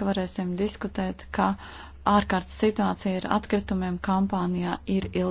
ka varēsim diskutēt, ka ārkārtas situācija ar atkritumiem kampānijā ir ilga.